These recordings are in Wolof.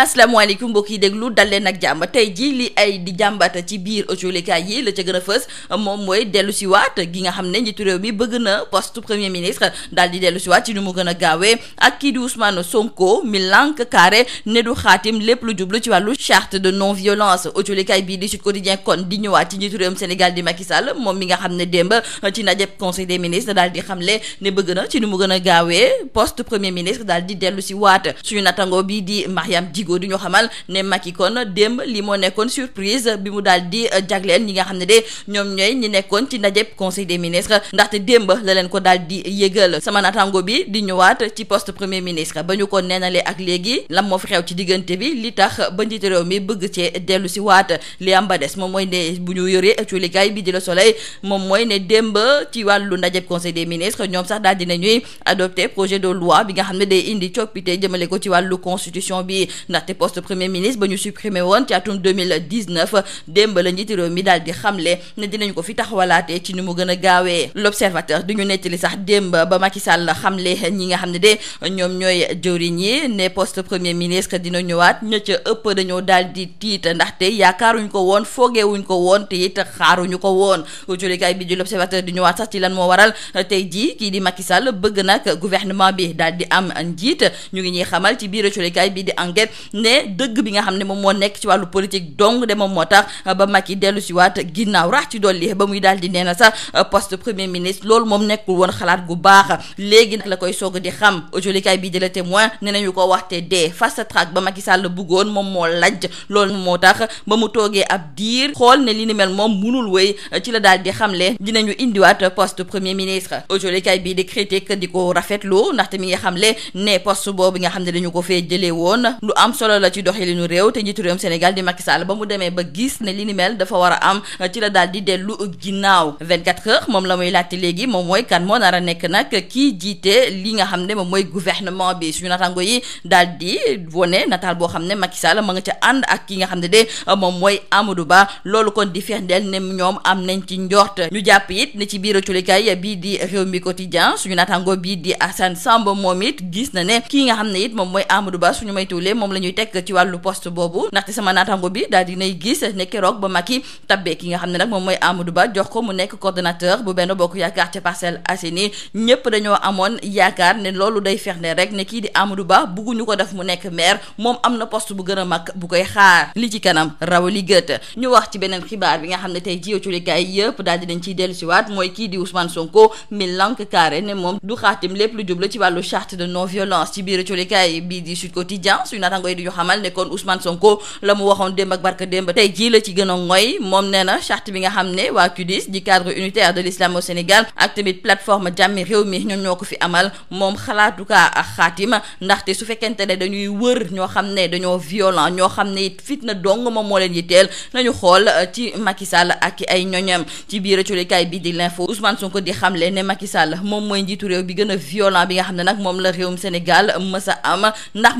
asalaamaaleykum mbokk yi déglu dal leen ak jàmm tey jii li ay di jàmbata ci biir autolikaay yi la ca gën a fës moom mooy dellu si waata gi nga xam ne njiitu réew mi bëgg na poste premier ministre daal di dellu si ci nu mu gën a gaawee ak kii di Ousmane Sonko mi lànk carré ne du xaatim lépp lu jublu ci wàllu charte de non violence autolikaay bii di Sud Quotidien kon di ñëwaat ci njiitu réewum Sénégal di Macky Sall moom mi nga xam ne démb ci najeb conseil des ministres daal di xamle ne bëgg na ci nu mu gën a gaawee poste premier ministre daal di dellu si waat suñu nattangoo bii di Mariam Tigo du ñu xamal ne Macky kon démb li moo nekkoon surprise bi mu daal euh, jagleel ñi nga xam ne de ñoom ñooy ñi nekkoon ci ndajeb conseil des ministres ndaxte démb la leen ko daal yëgal sama natango bi di ñëwaat ci poste premier ministre ba ñu ko neenalee ak léegi lam moo fi xew ci diggante bi li tax ba njiitu réew mi bëgg cee dellu si waat li am ba des moom mooy ne bu ñu yoree cuulikaay bi di la soleil moom mooy ne démb ci wàllu ndajeb conseil des ministres ñoom sax daal dina de loi bi nga xam ne day indi coppite jëmale ko ci ndaxte poste premier ministre ba ñu supprimé woon ci atum 2019 démb la njiiti réew mi daal di xamle ne dinañ ko fi taxawalaatee ci ni mu gën a gaawee l'observateur ñu nettali sax démb ba Macky Sall xamle ñi nga xam ne de ñoom ñooy jëwriñ yi ne poste premier ministre dina ñëwaat ña ca ëpp daal di tiit ndaxte yaakaaruñ ko woon foogeewuñ ko woon te it xaaruñu ko woon julikaay bi di l'observateur di ñëwaat sax ci lan moo waral tey jii kii di Macky Sall bëgg nag gouvernement bi daal di am njiit ñu ngi ñuy xamal ci biir julikaay bi di enquête ne dëgg bi nga xam ne moom moo nekk ci wàllu politique dong de moom moo tax ba Macky dellu si waat ginnaaw rax ci dolli ba muy daal di nee na sax poste premier ministre loolu moom nekkul woon xalaat gu baax léegi nag la koy soog di xam jolikaay bii di la témoin ne nañu ko waxte dee fast track ba Macky Sall bëggoon moom moo lajj loolu moo tax ba mu toogee ab diir xool ne li ni mel moom munul wéy ci la daal di xamle dinañu indiwaat poste premier ministre jolikaay bii di critique di ko rafetlu ndaxte mi nga xam le ne poste boobu nga xam ne dañu ko fee jëlee woon lu am solo la ci nu réew te njiitu réewum Sénégal di Macky Sall ba mu demee ba gis ne li ni dafa war am ci daal di dellu ginnaaw 24 heures moom la muy laajte léegi moom mooy kan moo nar a nekk nag kii jiite li nga xam ne moom mooy gouvernement bi suñu natango yi daal di wone nataal boo xam ne Macky Sall ma nga ca ànd ak ki nga xam ne de moom mooy Amadou Ba loolu kon di firndeel ne ñoom am nañ ci njort ñu jàpp it ne ci biir culikaay bii di réew mi quotidien suñu natango bii di Assane Samb moom it gis na ne kii nga xam ne it moom mooy Amadou Ba suñu maytuwulee moom la ñuy teg ci wàllu poste boobu ndaxte sama naataango bi daal dinay gis ne keroog ba Macky tabbee ki nga xam ne nag moom mooy Amadou Ba jox ko mu nekk coordonnateur bu benn bokk yaakaar ca Parcelles Assainies ñëpp dañoo amoon yaakaar ne loolu day fernde rek ne kii di Amadou Ba bugguñu ko def mu nekk maire moom am na post bu gën a mag bu koy xaar li ci kanam raw li gët ñu wax ci beneen xibaar bi nga xam ne tey jii culikaay yëpp daal di nañ ciy dellusiwaat mooy kii di Ousmane Sonko mi lank carré ne moom du xaatim lépp lu jublu ci wàllu charte de non violence ci biir culikaay bii yi di ñu xamal ne kon Ousmane Sonko la mu waxoon démb ak barka démb tey jii la ci gën a ngoy moom nee na charte bi nga xam ne waa CUDIS di cadre unitaire de l'islam Sénégal ak tamit plateforme jàmmi réew mi ñoom ñoo xam ne fitna dong moom moo leen yitteel nañu xool euh, ci Macky ak ay ñoñam ci biir culikaay bi di l'info Ousmane Sonko di xamle ne Macky moom mooy njiitu réew bi gën a bi nga xam ne nag moom la réewum Sénégal mës a am ndax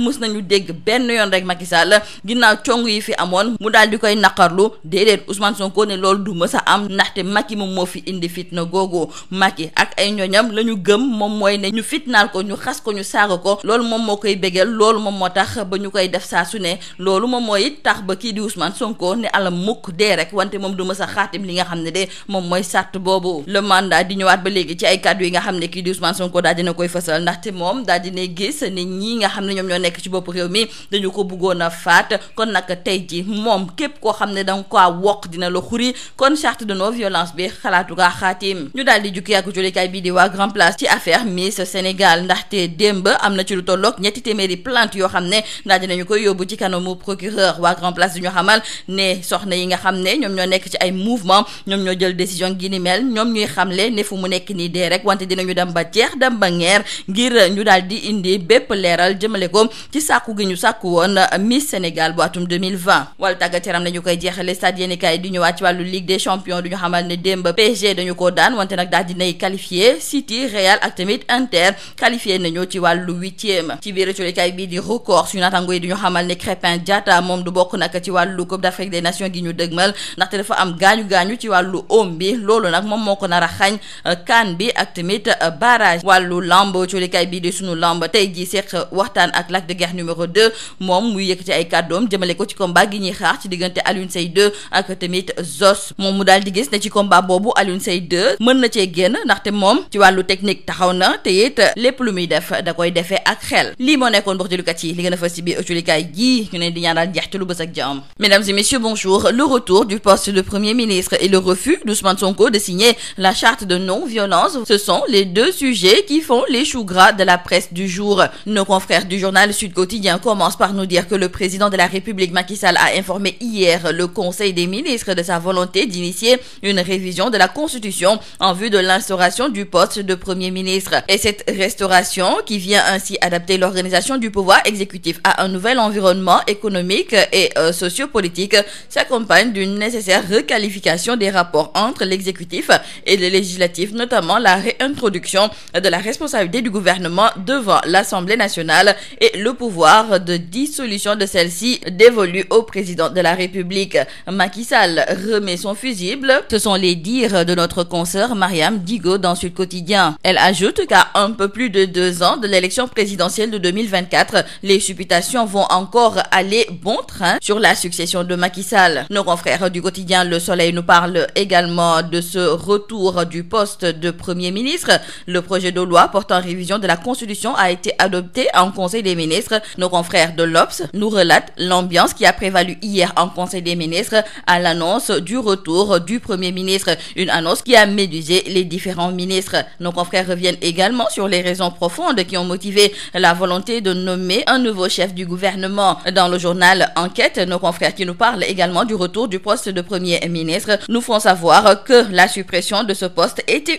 benn yoon rek Macky Sall ginnaaw cong yi fi amoon mu daal di koy naqarlu déedéet Ousmane Sonko ne loolu du mës a am ndaxte Macky moom moo fi indi fitna googu Macky ak ay ñoñam la ñu gëm moom mooy ne ñu fitnaal ko ñu xas ko ñu saaga ko loolu moom moo koy bégal loolu moom moo tax ba ñu koy def saa su ne loolu moom mooy tax ba kii di Ousmane Sonko ne alam mukk dee rek wante moom du mës a xaatim li nga xam ne moom mooy sàrt boobu le mandat di ñëwaat ba léegi ci ay kàddu yi nga xam ne kii di Ousmane Sonko daal dina koy fësal ndaxte moom daal dina gis ne ñii nga xam ne ñoom ñoo nekk ci boppu réew mi dañu ko bëggoon a faat kon nag tey ji moom képp koo xam ne danga ko wokk dina la xuri kon charte de non violence bi xalaatu gaa xaatim ñu daal di jukki ak julikaay bii di waa grand ci affaire Miss Sénégal ndaxte démb am na ci lu tolloog ñetti téeméeri plante yoo xam ne daal nañu koy yóbbu ci kanamu procureur waa grand place di ñu xamal ne soxna yi nga xam ne ñoom ñoo nekk ci ay mouvement ñoom ñoo jël décision gi ni mel ñoom ñuy xamle ne fu mu nekk nii dee rek wante dinañu dem ba jeex dem ba ngeer ngir ñu daal di indi bépp leeral jëmale ko sàkku woon uh, Miss Sénégal bu atum 2020 wala tàggat yaram dañu koy jeexale stade yéenekaay di ñëwaat ci wàllu Ligue des champions du ñu xamal ne démb PSG dañu ko daan wante nag daal dinay qualifié City Real ak tamit Inter qualifié nañu ci wàllu huitième ci biir colikaay bii di record suñu naataango yi di xamal ne Crépin Diatta moom du bokk nag ci wàllu Coupe d'Afrique des Nations gi ñu dëgmal ndaxte dafa am gaañu-gaañu ci wàllu oom bi loolu nag moom moo ko nar a xañ kan uh, bi ak tamit uh, barrage moom muy yëkkati ay kàddoom jëmale ko ci combat gi ñuy xaar ci diggante Alioune Seye 2 ak tamit Zos moom mu daal di gis ne ci combat boobu Alioune Seye 2 mën na cee génn ndaxte moom ci technique taxaw na te it lépp lu muy def da koy defee ak xel lii moo nekkoon mbokk jëlukat yi li gën a fës ci biir ëculikaay gii ñu leen di ñaanal jeextalu jaam. Mesdames et messieurs, bonjour. Le retour du poste de Premier ministre et le refus d'Ousmane Sonko de signer la charte de non-violence, commence par nous dire que le président de la République, Macky a informé hier le Conseil des ministres de sa volonté d'initier une révision de la Constitution en vue de l'instauration du poste de Premier ministre. Et cette restauration, qui vient ainsi adapter l'organisation du pouvoir exécutif à un nouvel environnement économique et euh, sociopolitique, s'accompagne d'une nécessaire requalification des rapports entre l'exécutif et le législatif, notamment dissolution de celle-ci dévolue au président de la République. Macky Sall remet son fusible. Ce sont les dires de notre consoeur Mariam Digo dans Sud Quotidien. Elle ajoute qu'à un peu plus de deux ans de l'élection présidentielle de 2024, les supputations vont encore aller bon train sur la succession de Macky Sall. Nos confrères du quotidien Le Soleil nous parlent également de ce retour du poste de Premier ministre. Le projet de loi portant révision de la Constitution a été confrères de l'Obs nous relatent l'ambiance qui a prévalu hier en Conseil des ministres à l'annonce du retour du Premier ministre, une annonce qui a médusé les différents ministres. Nos confrères reviennent également sur les raisons profondes qui ont motivé la volonté de nommer un nouveau chef du gouvernement. Dans le journal Enquête, nos confrères qui nous parlent également du retour du poste de Premier ministre nous font savoir que la suppression de ce poste était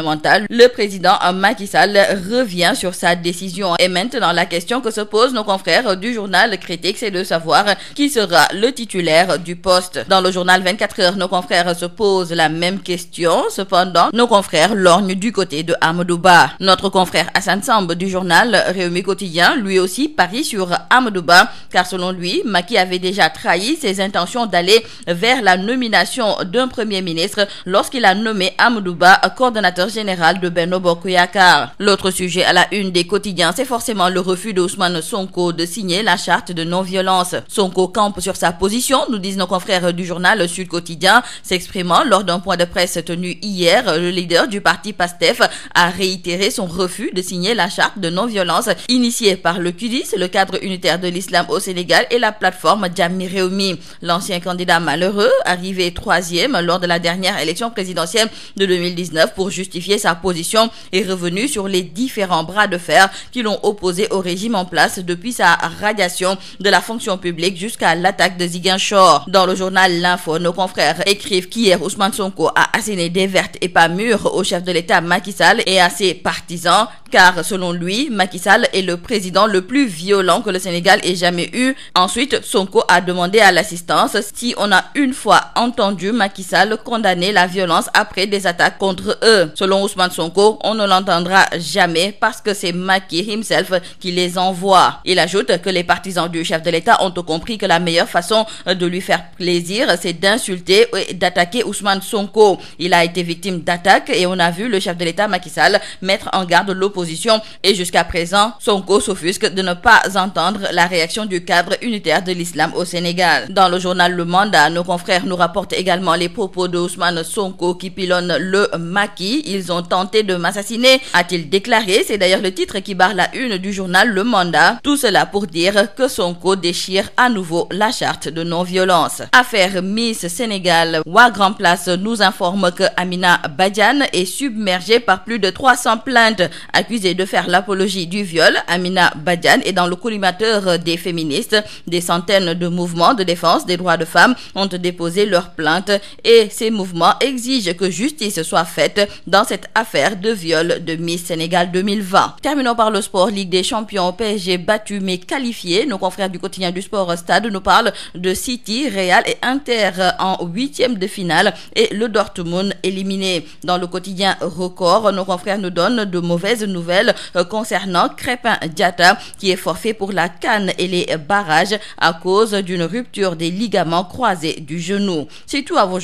gouvernementale, le président Macky Sall revient sur sa décision. Et maintenant, la question que se posent nos confrères du journal critique, c'est de savoir qui sera le titulaire du poste. Dans le journal heures, nos confrères se posent la même question. Cependant, nos confrères lorgnent du côté de Amadouba. Notre confrère Hassan Samb du journal Réumi Quotidien, lui aussi, parie sur Amadouba, car selon lui, Macky avait déjà trahi ses intentions d'aller vers la nomination d'un a général de Benno Bokk Yakaar. L'autre sujet à la une des quotidiens, c'est forcément le refus d'Ousmane Sonko de signer la charte de non-violence. Sonko campe sur sa position, nous disent nos confrères du journal Sud Quotidien, s'exprimant lors d'un point de presse tenu hier, le leader du parti PASTEF a réitéré son refus de signer la charte de non-violence initiée par le QDIS, le cadre unitaire de l'islam au Sénégal et la plateforme Jammi Réwmi. L'ancien candidat justifier sa position est revenu sur les différents bras de fer qui l'ont opposé au régime en place depuis sa radiation de la fonction publique jusqu'à l'attaque de Ziguinchor. Dans le journal L'Info, nos confrères écrivent qu'hier Ousmane Sonko a asséné des vertes et pas mûres au chef de l'État Macky Sall et à ses partisans car selon lui, Macky Sall est le président le plus violent que le Sénégal ait jamais eu. Ensuite, Sonko a demandé à l'assistance si on a une fois entendu Macky Sall condamner la violence contre Selon Ousmane Sonko, on ne l'entendra jamais parce que c'est Macky himself qui les envoie. Il ajoute que les partisans du chef de l'État ont compris que la meilleure façon de lui faire plaisir, c'est d'insulter et d'attaquer Ousmane Sonko. Il a été victime d'attaques et on a vu le chef de l'État Macky Sall mettre en garde l'opposition et jusqu'à présent, Sonko s'offusque de ne pas entendre la réaction du cadre unitaire de l'islam au Sénégal. Dans le journal Le Ils ont tenté de m'assassiner, a-t-il déclaré. C'est d'ailleurs le titre qui barre la une du journal Le Mandat. Tout cela pour dire que Sonko déchire à nouveau la charte de non-violence. Affaire Miss Sénégal, Wagrand Place nous informe que Amina est submergée par plus de 300 plaintes accusées de faire l'apologie du viol. Amina Badiane est dans le collimateur des féministes. Des centaines de mouvements de défense des droits de femmes ont déposé leurs dans cette affaire de viol de Miss Sénégal Terminons par le sport Ligue des Champions PSG battu mais qualifié. Nos confrères du quotidien du sport Stade nous parlent de City, Real et Inter en huitième de finale et le Dortmund éliminé. Dans le quotidien Record, nos confrères nous donnent de mauvaises nouvelles concernant Crépin Diata qui est forfait pour la canne et les barrages à cause d'une rupture des ligaments croisés du genou. C'est tout à vos